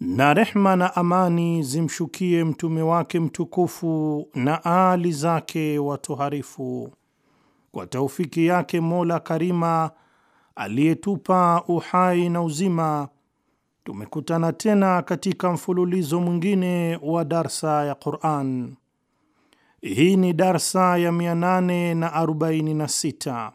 na rehma na amani zimshukie mtume wake mtukufu na aali zake watoharifu. Kwa taufiki yake Mola Karima aliyetupa uhai na uzima, tumekutana tena katika mfululizo mwingine wa darsa ya Quran. Hii ni darsa ya 846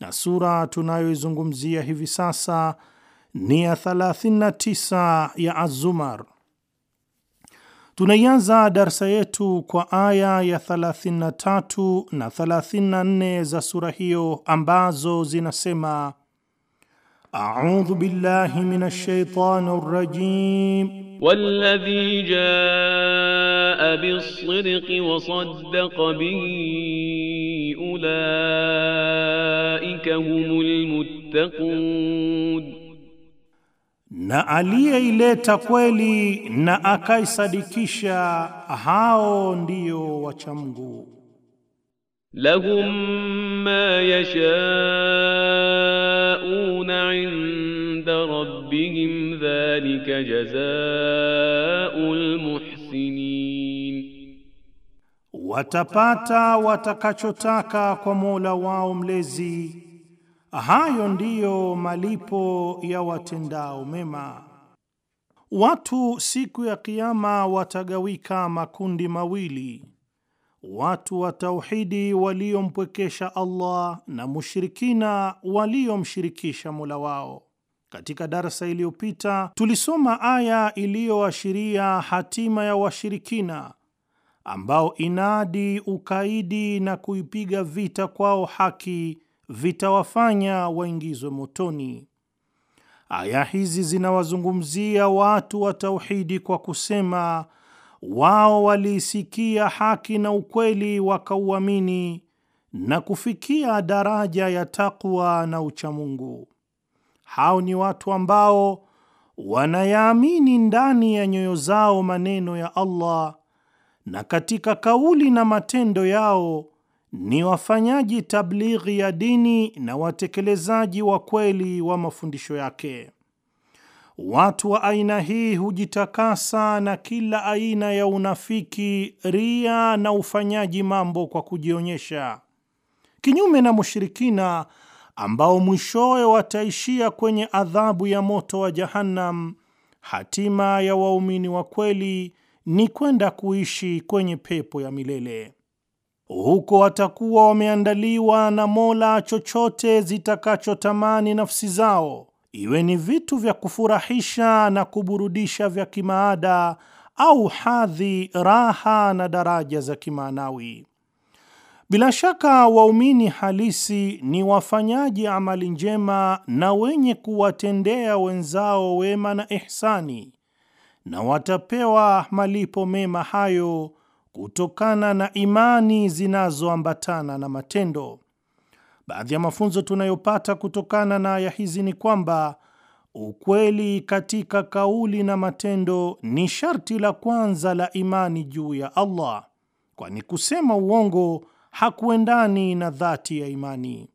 na sura tunayoizungumzia hivi sasa ni ya 39 ya Az-Zumar. Tunaianza darsa yetu kwa aya ya 33 na 34 za sura hiyo ambazo zinasema: A'udhu billahi minash shaitani rajim walladhi jaa bis-sidqi wa saddaqa bihi ulaika humul muttaqun na aliyeileta kweli na akaisadikisha, hao ndio wachamgu. Lahum ma yashauna inda rabbihim dhalika jazaa'ul muhsinin, watapata watakachotaka kwa Mola wao mlezi Hayo ndiyo malipo ya watendao mema. Watu siku ya kiama watagawika makundi mawili, watu wa tauhidi waliompwekesha Allah na mushirikina waliomshirikisha Mola wao. Katika darsa iliyopita tulisoma aya iliyoashiria hatima ya washirikina ambao inadi, ukaidi na kuipiga vita kwao haki vitawafanya waingizwe motoni. Aya hizi zinawazungumzia watu wa tauhidi kwa kusema wao waliisikia haki na ukweli wakauamini na kufikia daraja ya takwa na uchamungu. Hao ni watu ambao wanayaamini ndani ya nyoyo zao maneno ya Allah na katika kauli na matendo yao ni wafanyaji tablighi ya dini na watekelezaji wa kweli wa mafundisho yake. Watu wa aina hii hujitakasa na kila aina ya unafiki, ria na ufanyaji mambo kwa kujionyesha, kinyume na mushirikina ambao mwishowe wataishia kwenye adhabu ya moto wa Jahannam. Hatima ya waumini wa kweli ni kwenda kuishi kwenye pepo ya milele huko watakuwa wameandaliwa na Mola chochote zitakachotamani nafsi zao, iwe ni vitu vya kufurahisha na kuburudisha vya kimaada au hadhi, raha na daraja za kimaanawi. Bila shaka waumini halisi ni wafanyaji amali njema na wenye kuwatendea wenzao wema na ihsani, na watapewa malipo mema hayo kutokana na imani zinazoambatana na matendo. Baadhi ya mafunzo tunayopata kutokana na aya hizi ni kwamba ukweli katika kauli na matendo ni sharti la kwanza la imani juu ya Allah, kwani kusema uongo hakuendani na dhati ya imani.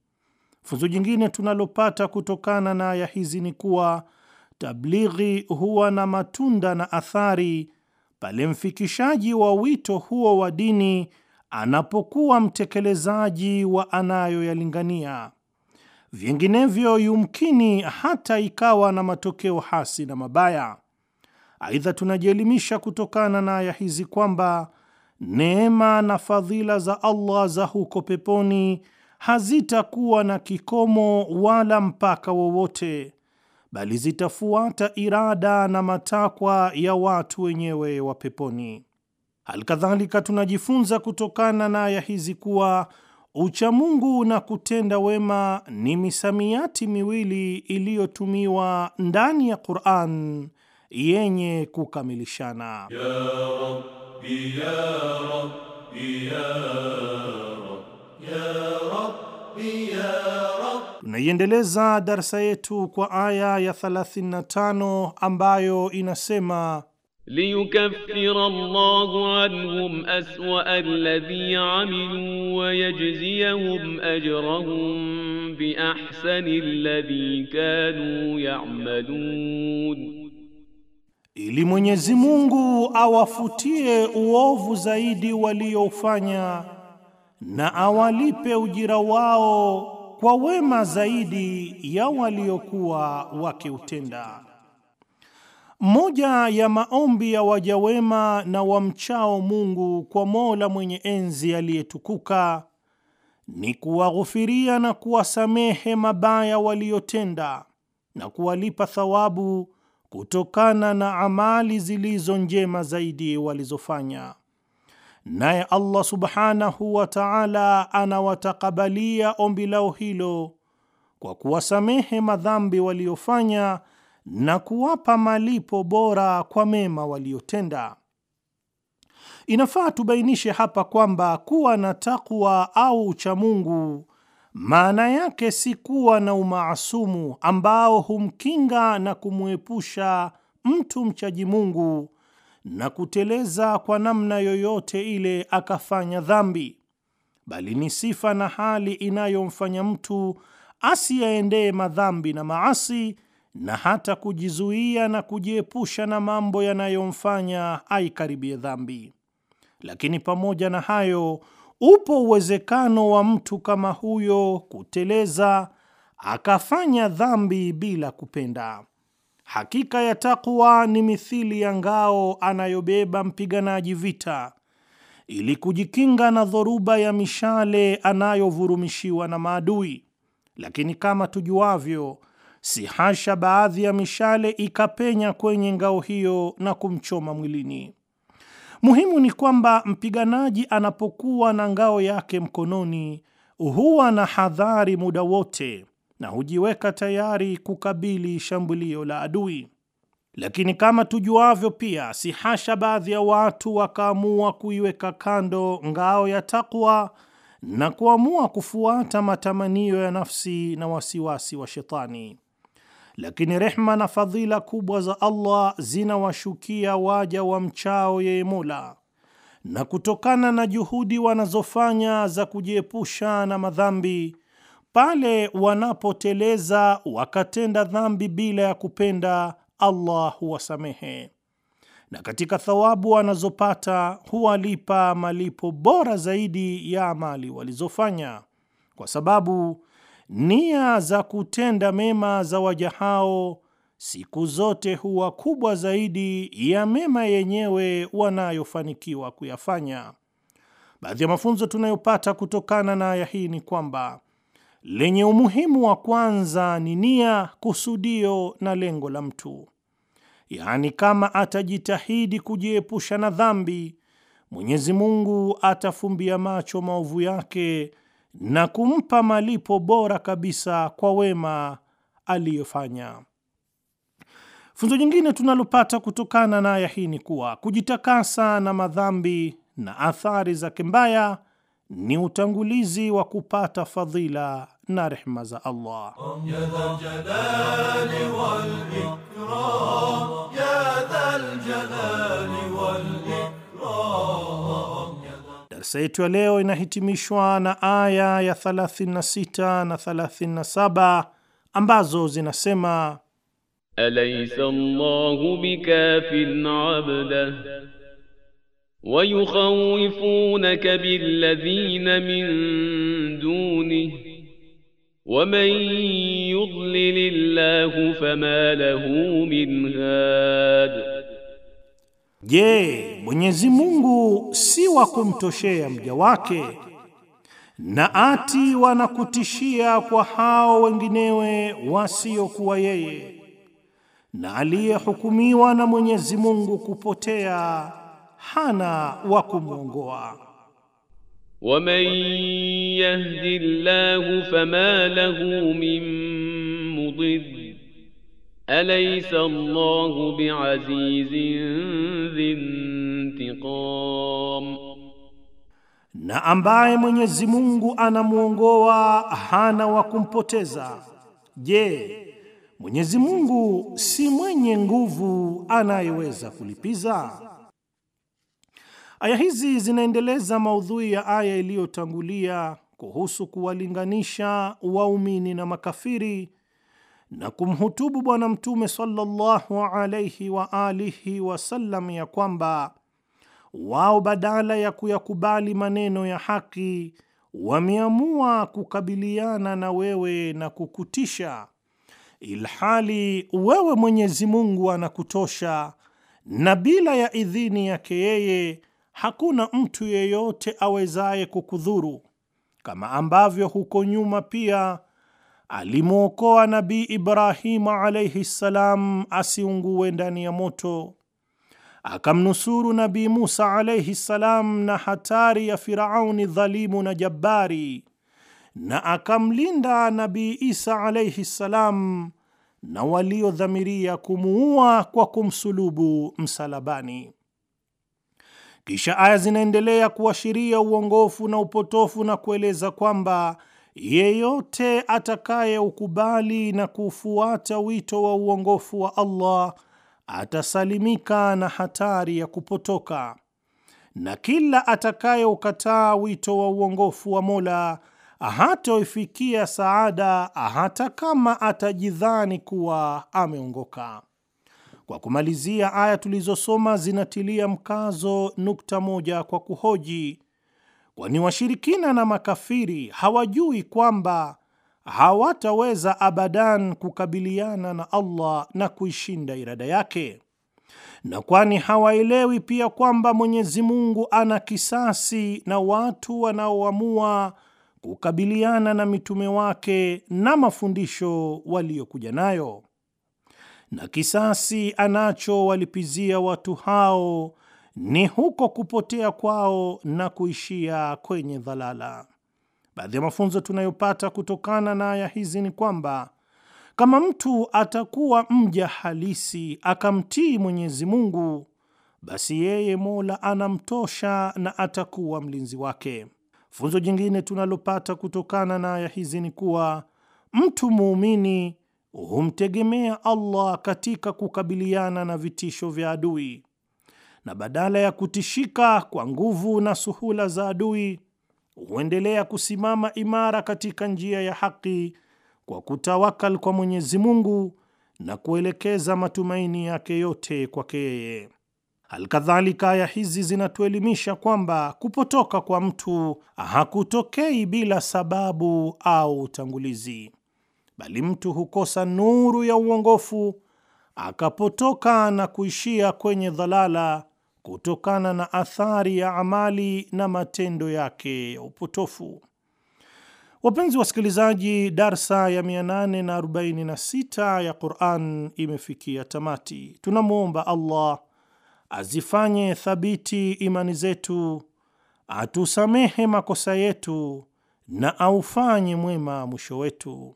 Funzo jingine tunalopata kutokana na aya hizi ni kuwa tablighi huwa na matunda na athari pale mfikishaji wa wito huo wa dini anapokuwa mtekelezaji wa anayoyalingania. Vinginevyo yumkini hata ikawa na matokeo hasi na mabaya. Aidha, tunajielimisha kutokana na aya hizi kwamba neema na fadhila za Allah za huko peponi hazitakuwa na kikomo wala mpaka wowote, bali zitafuata irada na matakwa ya watu wenyewe wa peponi. Halikadhalika, tunajifunza kutokana na aya hizi kuwa uchamungu na kutenda wema ni misamiati miwili iliyotumiwa ndani ya Qur'an yenye kukamilishana ya Rabbi, ya Rabbi, ya Rabbi, ya Rabbi. Tunaiendeleza darsa yetu kwa aya ya 35 ambayo inasema liyukaffira Allahu anhum aswa alladhi amilu wa yajziyahum ajrahum bi ahsani alladhi kanu ya'malun, ili Mwenyezi Mungu awafutie uovu zaidi waliofanya na awalipe ujira wao kwa wema zaidi ya waliokuwa wakiutenda. Moja ya maombi ya waja wema na wamchao Mungu kwa Mola mwenye enzi aliyetukuka ni kuwaghufiria na kuwasamehe mabaya waliyotenda na kuwalipa thawabu kutokana na amali zilizo njema zaidi walizofanya naye Allah subhanahu wa ta'ala anawatakabalia ombi lao hilo kwa kuwasamehe madhambi waliofanya na kuwapa malipo bora kwa mema waliotenda. Inafaa tubainishe hapa kwamba kuwa na takwa au uchamungu maana yake si kuwa na umaasumu ambao humkinga na kumwepusha mtu mchaji Mungu na kuteleza kwa namna yoyote ile akafanya dhambi, bali ni sifa na hali inayomfanya mtu asiyaendee madhambi na maasi na hata kujizuia na kujiepusha na mambo yanayomfanya aikaribie dhambi. Lakini pamoja na hayo, upo uwezekano wa mtu kama huyo kuteleza akafanya dhambi bila kupenda. Hakika ya takwa ni mithili ya ngao anayobeba mpiganaji vita ili kujikinga na dhoruba ya mishale anayovurumishiwa na maadui. Lakini kama tujuavyo, si hasha baadhi ya mishale ikapenya kwenye ngao hiyo na kumchoma mwilini. Muhimu ni kwamba mpiganaji anapokuwa na ngao yake mkononi huwa na hadhari muda wote na hujiweka tayari kukabili shambulio la adui. Lakini kama tujuavyo pia, si hasha baadhi ya watu wakaamua kuiweka kando ngao ya takwa na kuamua kufuata matamanio ya nafsi na wasiwasi wa shetani. Lakini rehma na fadhila kubwa za Allah zinawashukia waja wa mchao yeye Mola, na kutokana na juhudi wanazofanya za kujiepusha na madhambi pale wanapoteleza wakatenda dhambi bila ya kupenda, Allah huwasamehe na katika thawabu wanazopata huwalipa malipo bora zaidi ya amali walizofanya, kwa sababu nia za kutenda mema za waja hao siku zote huwa kubwa zaidi ya mema yenyewe wanayofanikiwa kuyafanya. Baadhi ya mafunzo tunayopata kutokana na aya hii ni kwamba lenye umuhimu wa kwanza ni nia, kusudio na lengo la mtu. Yaani, kama atajitahidi kujiepusha na dhambi, Mwenyezi Mungu atafumbia macho maovu yake na kumpa malipo bora kabisa kwa wema aliyofanya. Funzo jingine tunalopata kutokana na aya hii ni kuwa kujitakasa na madhambi na athari zake mbaya ni utangulizi wa kupata fadhila na rehma za Allah. Darsa yetu ya leo inahitimishwa na aya ya 36 na 37 ambazo zinasema alaysa Allahu bikafin abdahu ويخوفونك بالذين من دونه ومن يضلل الله فما له من هاد Je, Mwenyezi Mungu si wa kumtoshea mja wake na ati wanakutishia kwa hao wenginewe wasiokuwa yeye na aliyehukumiwa na Mwenyezi Mungu kupotea hana wa kumwongoa. Waman yahdi llahu fama lahu min mudid alaysa llahu biazizin dhintiqam, na ambaye Mwenyezi Mungu anamwongoa hana wa kumpoteza. Je, Mwenyezi Mungu si mwenye nguvu anayeweza kulipiza? Aya hizi zinaendeleza maudhui ya aya iliyotangulia kuhusu kuwalinganisha waumini na makafiri na kumhutubu Bwana Mtume sallallahu alaihi wa alihi wasallam ya kwamba wao badala ya kuyakubali maneno ya haki wameamua kukabiliana na wewe na kukutisha, ilhali wewe Mwenyezi Mungu anakutosha na bila ya idhini yake yeye hakuna mtu yeyote awezaye kukudhuru, kama ambavyo huko nyuma pia alimwokoa Nabii Ibrahimu alaihi ssalam asiungue ndani ya moto, akamnusuru Nabii Musa alaihi ssalam na hatari ya Firauni dhalimu na jabbari, na akamlinda Nabii Isa alaihi ssalam na waliodhamiria kumuua kwa kumsulubu msalabani. Kisha aya zinaendelea kuashiria uongofu na upotofu na kueleza kwamba yeyote atakayeukubali na kufuata wito wa uongofu wa Allah atasalimika na hatari ya kupotoka, na kila atakayeukataa wito wa uongofu wa Mola hatoifikia saada hata kama atajidhani kuwa ameongoka. Kwa kumalizia, aya tulizosoma zinatilia mkazo nukta moja kwa kuhoji, kwani washirikina na makafiri hawajui kwamba hawataweza abadan kukabiliana na Allah na kuishinda irada yake, na kwani hawaelewi pia kwamba Mwenyezi Mungu ana kisasi na watu wanaoamua kukabiliana na mitume wake na mafundisho waliokuja nayo na kisasi anachowalipizia watu hao ni huko kupotea kwao na kuishia kwenye dhalala. Baadhi ya mafunzo tunayopata kutokana na aya hizi ni kwamba kama mtu atakuwa mja halisi akamtii Mwenyezi Mungu, basi yeye Mola anamtosha na atakuwa mlinzi wake. Funzo jingine tunalopata kutokana na aya hizi ni kuwa mtu muumini humtegemea Allah katika kukabiliana na vitisho vya adui, na badala ya kutishika kwa nguvu na suhula za adui, huendelea kusimama imara katika njia ya haki kwa kutawakal kwa Mwenyezi Mungu na kuelekeza matumaini yake yote kwake yeye. Alkadhalika, aya hizi zinatuelimisha kwamba kupotoka kwa mtu hakutokei bila sababu au utangulizi bali mtu hukosa nuru ya uongofu akapotoka na kuishia kwenye dhalala kutokana na athari ya amali na matendo yake ya upotofu. Wapenzi wasikilizaji, darsa ya 846 ya Quran imefikia tamati. Tunamwomba Allah azifanye thabiti imani zetu, atusamehe makosa yetu na aufanye mwema mwisho wetu.